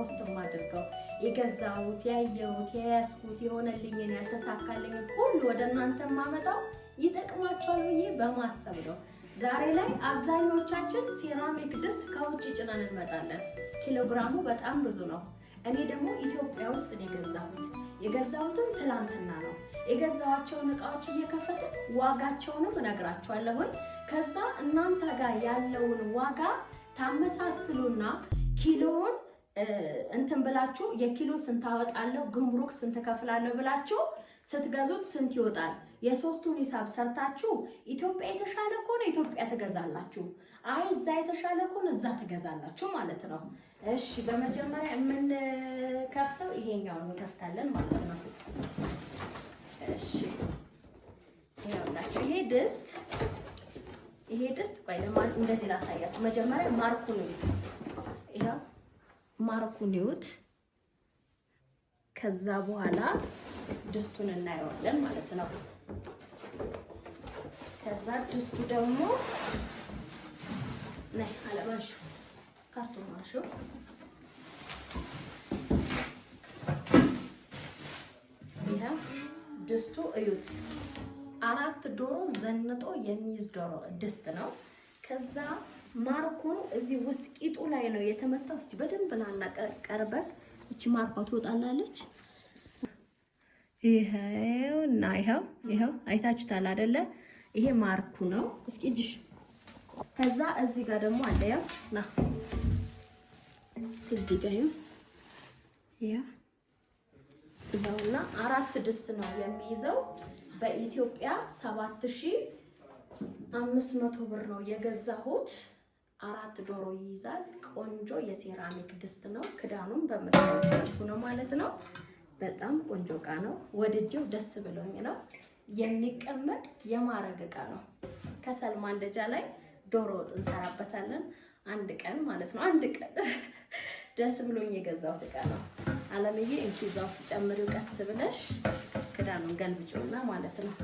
ፖስት ማድርገው የገዛሁት፣ ያየሁት፣ የያዝኩት የሆነልኝን ያልተሳካልኝ ሁሉ ወደ እናንተ ማመጣው ይጠቅማቸዋል ብዬ በማሰብ ነው። ዛሬ ላይ አብዛኞቻችን ሴራሚክ ድስት ከውጭ ጭነን እንመጣለን። ኪሎግራሙ በጣም ብዙ ነው። እኔ ደግሞ ኢትዮጵያ ውስጥ ነው የገዛሁት። የገዛሁትም ትላንትና ነው። የገዛኋቸውን እቃዎች እየከፈትን ዋጋቸውንም እነግራቸዋለሁኝ። ከዛ እናንተ ጋር ያለውን ዋጋ ታመሳስሉና ኪሎውን እንትን ብላችሁ የኪሎ ስንት አወጣለሁ ግምሩክ ስንት ከፍላለሁ ብላችሁ ስትገዙት ስንት ይወጣል? የሶስቱን ሂሳብ ሰርታችሁ ኢትዮጵያ የተሻለ ከሆነ ኢትዮጵያ ትገዛላችሁ። አይ እዛ የተሻለ ከሆነ እዛ ትገዛላችሁ ማለት ነው። እሺ በመጀመሪያ የምንከፍተው ይሄኛውን እንከፍታለን ማለት ነው። እሺ ይሄውላችሁ፣ ይሄ ድስት ይሄ ድስት ቆይ፣ እንደዚህ ላሳያችሁ። መጀመሪያ ማርኩን ማርኩን ይዩት። ከዛ በኋላ ድስቱን እናየዋለን ማለት ነው። ከዛ ድስቱ ደግሞ ነይ አለባሹ ካርቶን ማሹ ይሄ ድስቱ እዩት። አራት ዶሮ ዘንጦ የሚይዝ ዶሮ ድስት ነው። ከዛ ማርኮ እዚህ ውስጥ ቂጡ ላይ ነው የተመታው። እስቲ በደንብ ናና ቀርበን እቺ ማርኳ ትወጣላለች። ይኸውና ይኸው ይኸው አይታችሁታል አይደለ? ይሄ ማርኩ ነው። እስኪ እጅሽ ከዛ እዚህ ጋር ደግሞ አለ። ያው ና እዚህ ጋር ያው ይኸውና አራት ድስት ነው የሚይዘው። በኢትዮጵያ ሰባት ሺህ አምስት መቶ ብር ነው የገዛሁት። አራት ዶሮ ይይዛል። ቆንጆ የሴራሚክ ድስት ነው። ክዳኑም በምታዩት ነው ማለት ነው። በጣም ቆንጆ እቃ ነው። ወድጄው ደስ ብሎኝ ነው የሚቀመጥ የማረግ እቃ ነው። ከሰልማን ማንደጃ ላይ ዶሮ ወጥ እንሰራበታለን አንድ ቀን ማለት ነው። አንድ ቀን ደስ ብሎኝ የገዛሁት እቃ ነው። አለምዬ እንኪ እዛ ውስጥ ጨምሪው ቀስ ብለሽ ክዳኑን ገልብጮና ማለት ነው።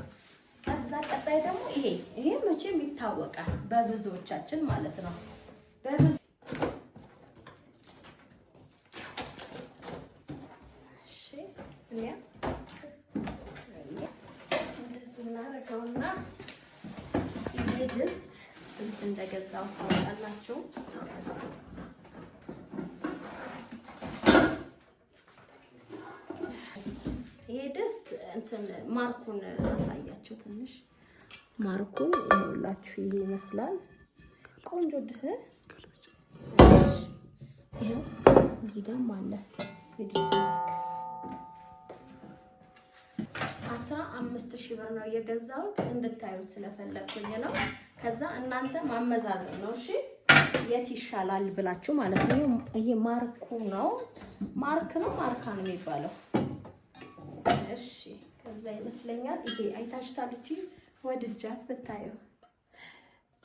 ከዛ ቀጣይ ደግሞ ይሄ ይሄ መቼም ይታወቃል በብዙዎቻችን ማለት ነው። እንትን ማርኩን አሳያቸው ትንሽ ማርኩን ይኸውላችሁ፣ ይሄ ይመስላል ቆንጆ ድህ ይኸው እዚህ ጋርም አለ አስራ አምስት ሺህ ብር ነው የገዛሁት። እንድታዩት ስለፈለግኩኝ ነው። ከዛ እናንተ ማመዛዘን ነው እሺ፣ የት ይሻላል ብላችሁ ማለት ነው። ይሄ ማርኩ ነው፣ ማርክ ነው፣ ማርካ ነው የሚባለው። እሺ ከዛ ይመስለኛል ይሄ አይታሽታልቺ ወድጃት ብታየው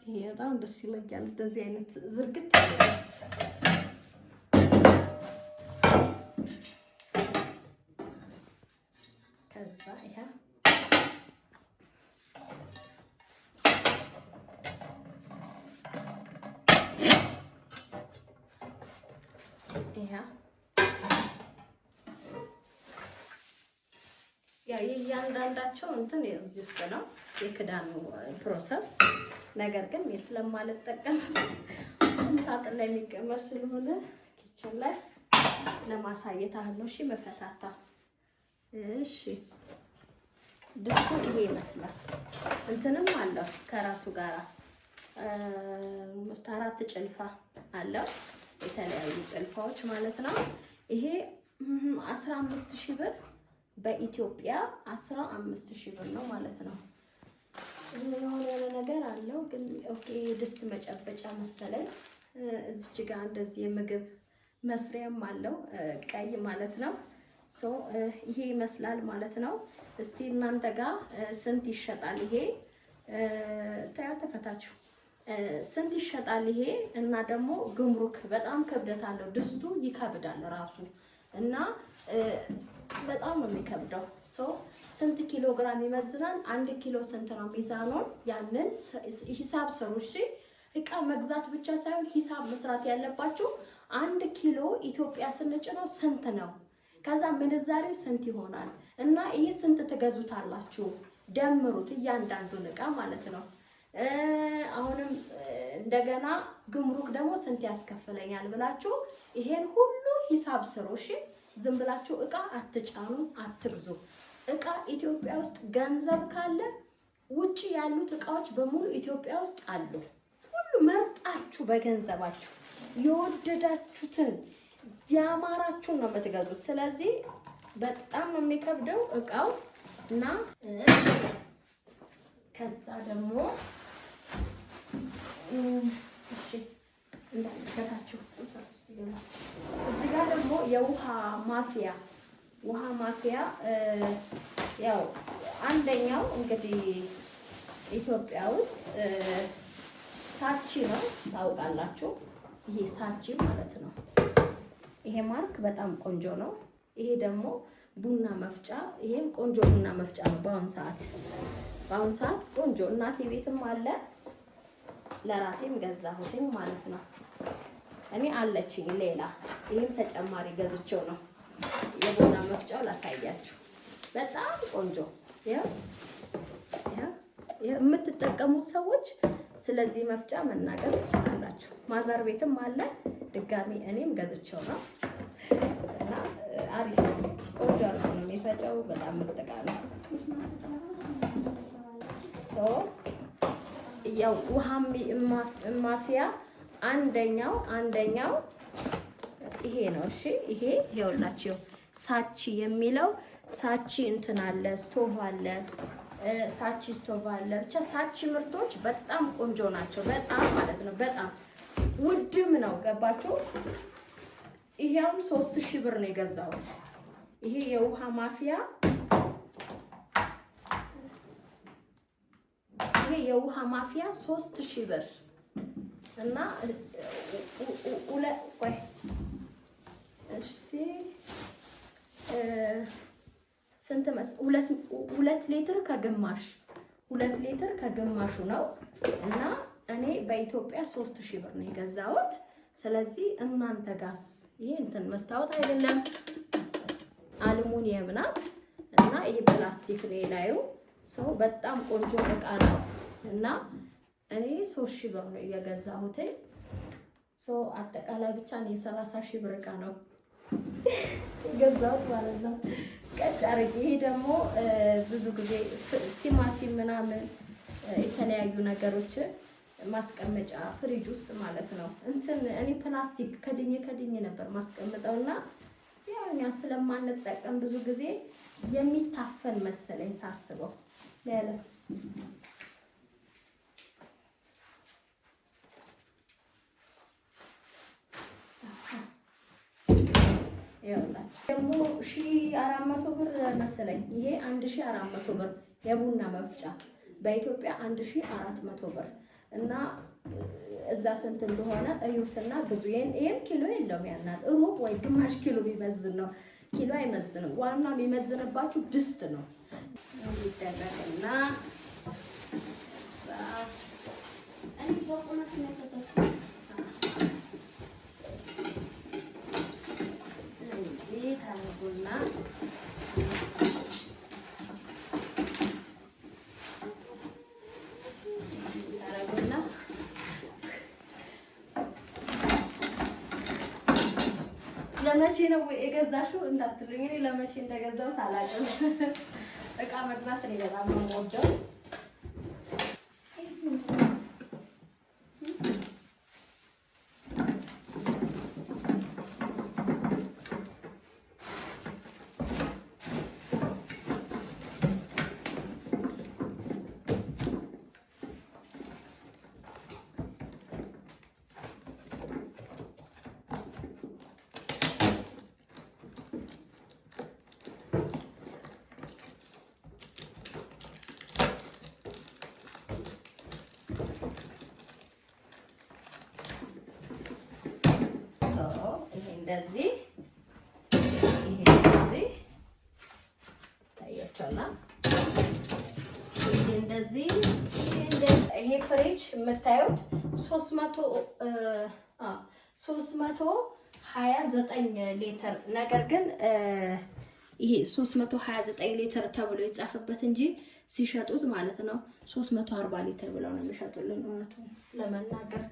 ይሄ በጣም ደስ ይለኛል። እንደዚህ አይነት ዝርግት የእያንዳንዳቸው እንትን እዚህ ውስጥ ነው የክዳኑ ፕሮሰስ። ነገር ግን ስለማልጠቀም ሳጥን ላይ የሚቀመጥ ስለሆነ ኪችን ላይ ለማሳየት አህል ነው። እሺ መፈታታ። እሺ ድስቱ ይሄ ይመስላል። እንትንም አለው ከራሱ ጋራ ውስጥ አራት ጭልፋ አለው የተለያዩ ጭልፋዎች ማለት ነው። ይሄ አስራ አምስት ሺህ ብር በኢትዮጵያ አስራ አምስት ብር ነው ማለት ነው። የሆነ ያለ ነገር አለው ግን ኦኬ፣ የድስት መጨበጫ መሰለኝ። እዚች ጋር እንደዚህ የምግብ መስሪያም አለው ቀይ ማለት ነው። ሶ ይሄ ይመስላል ማለት ነው። እስቲ እናንተ ጋር ስንት ይሸጣል ይሄ? ተፈታችሁ ስንት ይሸጣል ይሄ? እና ደግሞ ግምሩክ በጣም ክብደት አለው ድስቱ ይከብዳል ራሱ እና በጣም ነው የሚከብደው። ሰው ስንት ኪሎ ግራም ይመዝናል? አንድ ኪሎ ስንት ነው ሚዛኑን? ያንን ሂሳብ ስሩ። እሺ እቃ መግዛት ብቻ ሳይሆን ሂሳብ መስራት ያለባችሁ። አንድ ኪሎ ኢትዮጵያ ስንጭነው ስንት ነው? ከዛ ምንዛሬው ስንት ይሆናል? እና ይህ ስንት ትገዙታላችሁ? ደምሩት፣ እያንዳንዱን እቃ ማለት ነው። አሁንም እንደገና ግምሩክ ደግሞ ስንት ያስከፍለኛል ብላችሁ ይሄን ሁሉ ሂሳብ ስሩ። እሺ ዝም ብላችሁ እቃ አትጫኑ፣ አትግዙ። እቃ ኢትዮጵያ ውስጥ ገንዘብ ካለ ውጭ ያሉት እቃዎች በሙሉ ኢትዮጵያ ውስጥ አሉ። ሁሉ መርጣችሁ በገንዘባችሁ የወደዳችሁትን ያማራችሁን ነው የምትገዙት። ስለዚህ በጣም ነው የሚከብደው እቃው እና ከዛ ደግሞ እሺ እንዳልከታችሁ እዚህ ጋር ደግሞ የውሃ ማፍያ ውሃ ማፍያ ያው አንደኛው እንግዲህ ኢትዮጵያ ውስጥ ሳቺ ነው ታውቃላችሁ። ይሄ ሳቺ ማለት ነው። ይሄ ማርክ በጣም ቆንጆ ነው። ይሄ ደግሞ ቡና መፍጫ፣ ይሄም ቆንጆ ቡና መፍጫ ነው። በአሁን ሰዓት በአሁን ሰዓት ቆንጆ እናቴ ቤትም አለ፣ ለራሴም ገዛሁትኝ ማለት ነው። እኔ አለችኝ ሌላ ይህም ተጨማሪ ገዝቼው ነው። የቡና መፍጫው ላሳያችሁ። በጣም ቆንጆ የምትጠቀሙት ሰዎች ስለዚህ መፍጫ መናገር ትችላላችሁ። ማዛር ቤትም አለ። ድጋሚ እኔም ገዝቼው ነው እና አሪፍ ቆንጆ አሪፍ ነው የሚፈጨው። በጣም ምርጥ ዕቃ ያው ውሃ ማፊያ አንደኛው አንደኛው ይሄ ነው። እሺ ይሄ ይኸውላችሁ ሳቺ የሚለው ሳቺ እንትን አለ ስቶቭ አለ ሳቺ ስቶቭ አለ። ብቻ ሳቺ ምርቶች በጣም ቆንጆ ናቸው። በጣም ማለት ነው። በጣም ውድም ነው። ገባችሁ? ይሄም ሶስት ሺህ ብር ነው የገዛሁት። ይሄ የውሃ ማፊያ ይሄ የውሃ ማፊያ ሶስት ሺህ ብር እና ቆይ ስንት ሁለት ሌትር ከግማሽ ሁለት ሊትር ከግማሹ ነው እና እኔ በኢትዮጵያ ሶስት ሺህ ብር ነው የገዛሁት። ስለዚህ እናንተ ጋስ ይሄ እንትን መስታወት አይደለም አልሙኒየም ናት እና ይሄ ፕላስቲክ ነው የላዩ ሰው በጣም ቆንጆ እቃ ነው እና እኔ ሶስት ሺህ ብር ነው እየገዛሁትኝ። አጠቃላይ ብቻ እኔ ሰላሳ ሺህ ብር እቃ ነው የገዛሁት ማለት ነው። ቀጭ አርጌ ይሄ ደግሞ ብዙ ጊዜ ቲማቲም ምናምን የተለያዩ ነገሮችን ማስቀመጫ ፍሪጅ ውስጥ ማለት ነው። እንትን እኔ ፕላስቲክ ከድኝ ከድኝ ነበር ማስቀምጠው እና ያው እኛ ስለማንጠቀም ብዙ ጊዜ የሚታፈን መሰለኝ ሳስበው ያለ አራት መቶ ብር መሰለኝ። ይሄ አንድ ሺ አራት መቶ ብር የቡና መፍጫ በኢትዮጵያ አንድ ሺ አራት መቶ ብር እና እዛ ስንት እንደሆነ እዩትና ግዙ። ይህም ኪሎ የለውም ያናል ሩብ ወይ ግማሽ ኪሎ የሚመዝን ነው። ኪሎ አይመዝንም። ዋና የሚመዝንባችሁ ድስት ነው የሚደረግና አድርጉና ለመቼ ነው ወይ የገዛሽው እንዳትሉኝ፣ እኔ ለመቼ እንደገዛሁት አላውቅም። እቃ መግዛት እኔ በጣም ነው የምወደው። እንደዚህ ይሄ እንደዚህ ታያችኋላ። ይሄ እንደዚህ ይሄ ፍሬጅ የምታዩት ሶስት መቶ ሶስት ሊትር ነገር ግን ይሄ 329 ሊትር ተብሎ የጻፈበት እንጂ ሲሸጡት ማለት ነው 340 ሊትር ብለው ነው የሚሸጡልን። እውነቱን ለመናገር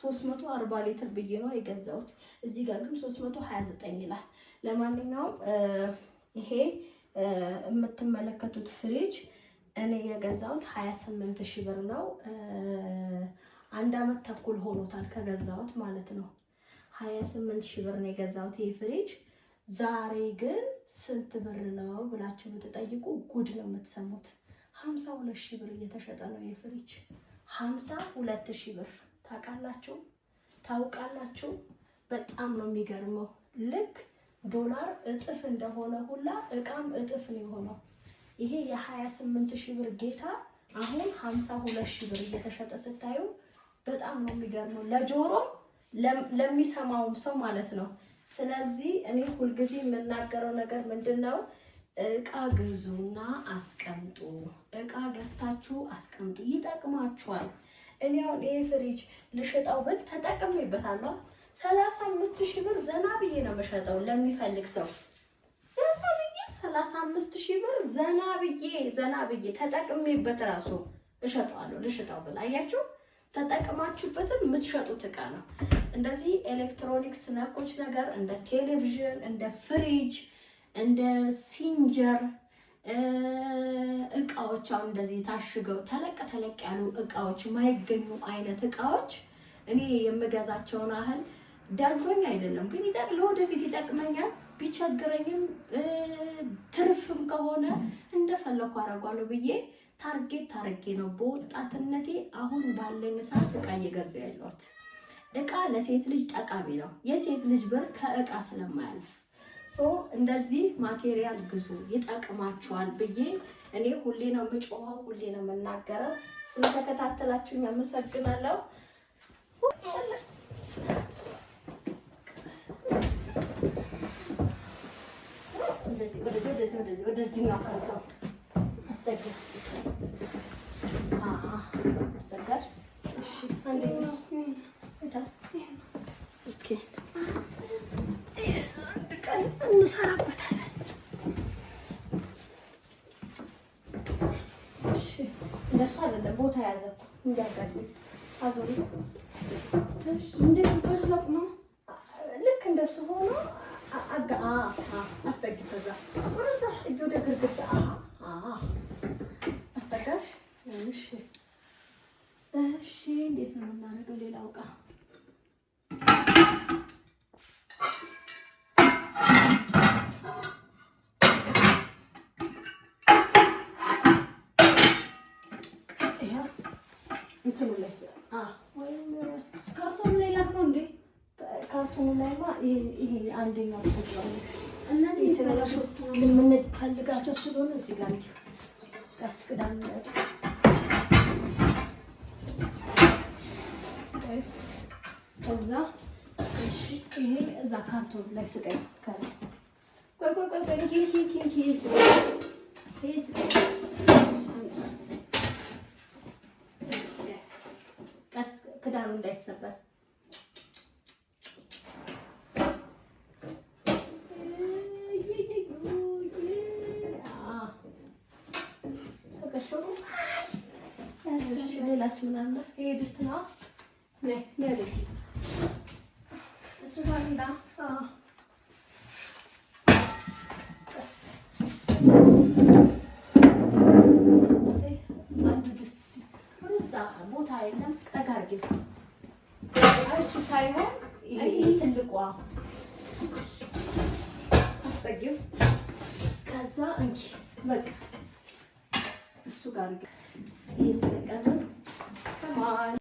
340 ሊትር ብዬ ነው የገዛሁት። እዚህ ጋር ግን 329 ይላል። ለማንኛውም ይሄ የምትመለከቱት ፍሪጅ እኔ የገዛሁት 28 ሺህ ብር ነው። አንድ አመት ተኩል ሆኖታል ከገዛሁት ማለት ነው። 28 ሺህ ብር ነው የገዛሁት ይሄ ፍሪጅ። ዛሬ ግን ስንት ብር ነው ብላችሁ ብትጠይቁ ጉድ ነው የምትሰሙት። 52 ሺህ ብር እየተሸጠ ነው ይሄ ፍሪጅ 52 ሺህ ብር ታውቃላችሁ ታውቃላችሁ። በጣም ነው የሚገርመው። ልክ ዶላር እጥፍ እንደሆነ ሁላ እቃም እጥፍ ነው የሆነው። ይሄ የ28 ሺህ ብር ጌታ አሁን 52 ሺህ ብር እየተሸጠ ስታዩ በጣም ነው የሚገርመው፣ ለጆሮም ለሚሰማውም ሰው ማለት ነው። ስለዚህ እኔ ሁልጊዜ የምናገረው ነገር ምንድን ነው? እቃ ግዙና አስቀምጡ። እቃ ገዝታችሁ አስቀምጡ፣ ይጠቅማችኋል። እኔ አሁን ይሄ ፍሪጅ ልሽጣው ብል ተጠቅሜበታለሁ። ሰላሳ አምስት ሺህ ብር ዘና ብዬ ነው የምሸጠው ለሚፈልግ ሰው ዘና ብዬ ሰላሳ አምስት ሺህ ብር ዘና ብዬ ዘና ብዬ ተጠቅሜበት ራሱ እሸጠዋለሁ። ልሸጣው ብል አያችሁ፣ ተጠቅማችሁበትን የምትሸጡት እቃ ነው። እንደዚህ ኤሌክትሮኒክስ ነኮች ነገር እንደ ቴሌቪዥን፣ እንደ ፍሪጅ፣ እንደ ሲንጀር እቃዎች አሁን እንደዚህ ታሽገው ተለቅ ተለቅ ያሉ እቃዎች የማይገኙ አይነት እቃዎች እኔ የምገዛቸውን አህል ዳልቶኝ አይደለም፣ ግን ለወደፊት ይጠቅመኛል። ቢቸግረኝም ትርፍም ከሆነ እንደፈለኩ አደርጓለሁ ብዬ ታርጌት ታርጌ ነው በወጣትነቴ አሁን ባለኝ ሰዓት እቃ እየገዙ ያለሁት። እቃ ለሴት ልጅ ጠቃሚ ነው። የሴት ልጅ ብር ከእቃ ስለማያልፍ ሶ እንደዚህ ማቴሪያል ግዙ ይጠቅማችኋል ብዬ እኔ ሁሌ ነው የምጮኸው፣ ሁሌ ነው የምናገረው። ስለተከታተላችሁኝ አመሰግናለሁ። ወደዚህ ነው ከርተው አስጠጋሽ እንሰራበታለን። እንደሱ አይደለም ቦታ ያዘ እንዲያጋድም አዞሪ ልክ እንደሱ ሆኖ አስጠጊ። ከዛ ወደዛ አስጠጊ፣ ወደ ግርግዳ አስጠጋሽ። እሺ፣ እሺ። እንዴት ነው የምናደርገው? ሌላ እቃ ካርቶኑ ላይ ላክ ነው እንዴ? ካርቶኑ ላይማ ይሄ አንደኛው እነዚህ የተበላሹ የምንፈልጋቸው ስለሆነ እዚህ ጋር ያስቅዳል። እዛ ይሄ እዛ ካርቶን ላይ ስቀኝ bak ben gel gel gel giysin. Giysin. Kas kıdanın besabı. Lassmananda. Är du snart? Nej, det är det inte. Så var det idag. Ja.